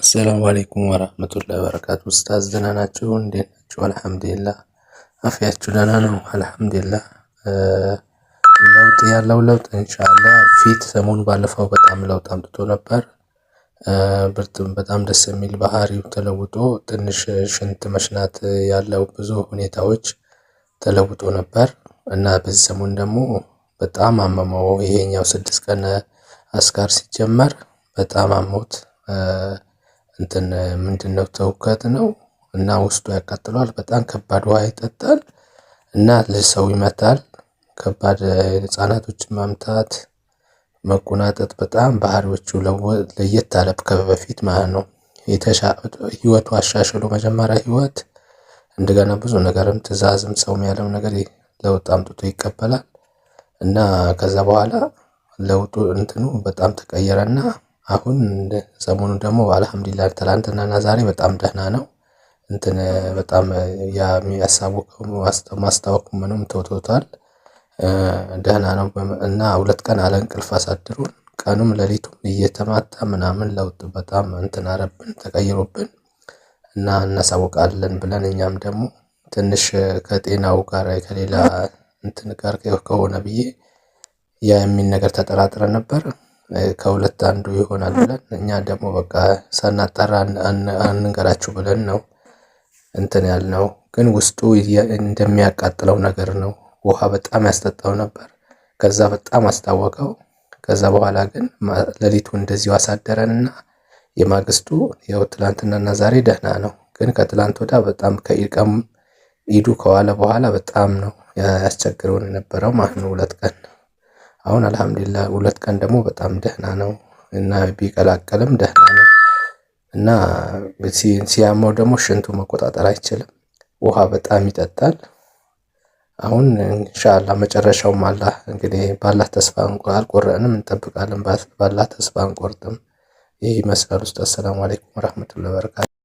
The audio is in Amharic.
አሰላሙ አሌይኩም ወራህመቱላሂ ወበረካቱ። ኡስታዝ ደህና ናችሁ? እንዴት ናችሁ? አልሐምዱሊላህ። አፍያችሁ ደህና ነው? አልሐምዱሊላህ። ለውጥ ያለው ለውጥ ኢንሻአላህ። ፊት ሰሞኑ ባለፈው በጣም ለውጥ አምጥቶ ነበር። ብርቱም በጣም ደስ የሚል ባህሪው ተለውጦ ትንሽ ሽንት መሽናት ያለው ብዙ ሁኔታዎች ተለውጦ ነበር እና በዚህ ሰሞን ደግሞ በጣም አመመው። ይሄኛው ስድስት ቀን አስካር ሲጀመር በጣም አሞት እንትን ምንድነው ተውከት ነው እና ውስጡ ያቃጥለዋል። በጣም ከባድ ውሃ ይጠጣል እና ለሰው ይመታል። ከባድ ህፃናቶችን ማምታት መቆናጠጥ በጣም ባህሪዎቹ ለየት አለ ከበፊት ማለት ነው። ህይወቱ አሻሽሎ መጀመሪያ ህይወት እንደገና ብዙ ነገርም ትእዛዝም ሰውም ያለው ነገር ለውጥ አምጥቶ ይቀበላል እና ከዛ በኋላ ለውጡ እንትኑ በጣም ተቀየረና አሁን እንደ ሰሞኑ ደግሞ አልሀምዱሊላህ ትላንትናና ዛሬ በጣም ደህና ነው። እንትን በጣም የሚያሳውቀው ማስታወቅ ምንም ተውቶታል። ደህና ነው እና ሁለት ቀን አለ እንቅልፍ አሳድሩን። ቀኑም ሌሊቱም እየተማታ ምናምን ለውጥ በጣም እንትን አረብን ተቀይሮብን እና እናሳውቃለን ብለን እኛም ደግሞ ትንሽ ከጤናው ጋር ከሌላ እንትን ጋር ከሆነ ብዬ ያ የሚል ነገር ተጠራጥረን ነበር። ከሁለት አንዱ ይሆናል ብለን እኛ ደግሞ በቃ ሳናጠራ አንንገራችሁ ብለን ነው እንትን ያልነው። ግን ውስጡ እንደሚያቃጥለው ነገር ነው። ውሃ በጣም ያስጠጣው ነበር። ከዛ በጣም አስታወቀው። ከዛ በኋላ ግን ሌሊቱ እንደዚሁ አሳደረን እና የማግስቱ ያው ትላንትናና ዛሬ ደህና ነው። ግን ከትላንት ወዳ በጣም ኢዱ ከዋለ በኋላ በጣም ነው ያስቸግረውን የነበረው ማህኑ ሁለት ቀን አሁን አልሐምዱሊላህ ሁለት ቀን ደግሞ በጣም ደህና ነው እና ቢቀላቀልም ደህና ነው እና ሲያመው ደግሞ ሽንቱ መቆጣጠር አይችልም። ውሃ በጣም ይጠጣል። አሁን እንሻላ መጨረሻውም አላህ እንግዲህ ባላህ ተስፋ አልቆረጥንም፣ እንጠብቃለን። ባላህ ተስፋ አንቆርጥም። ይህ ይመስላል ውስጥ አሰላሙ አለይኩም ረህመቱላሂ ወበረካቱ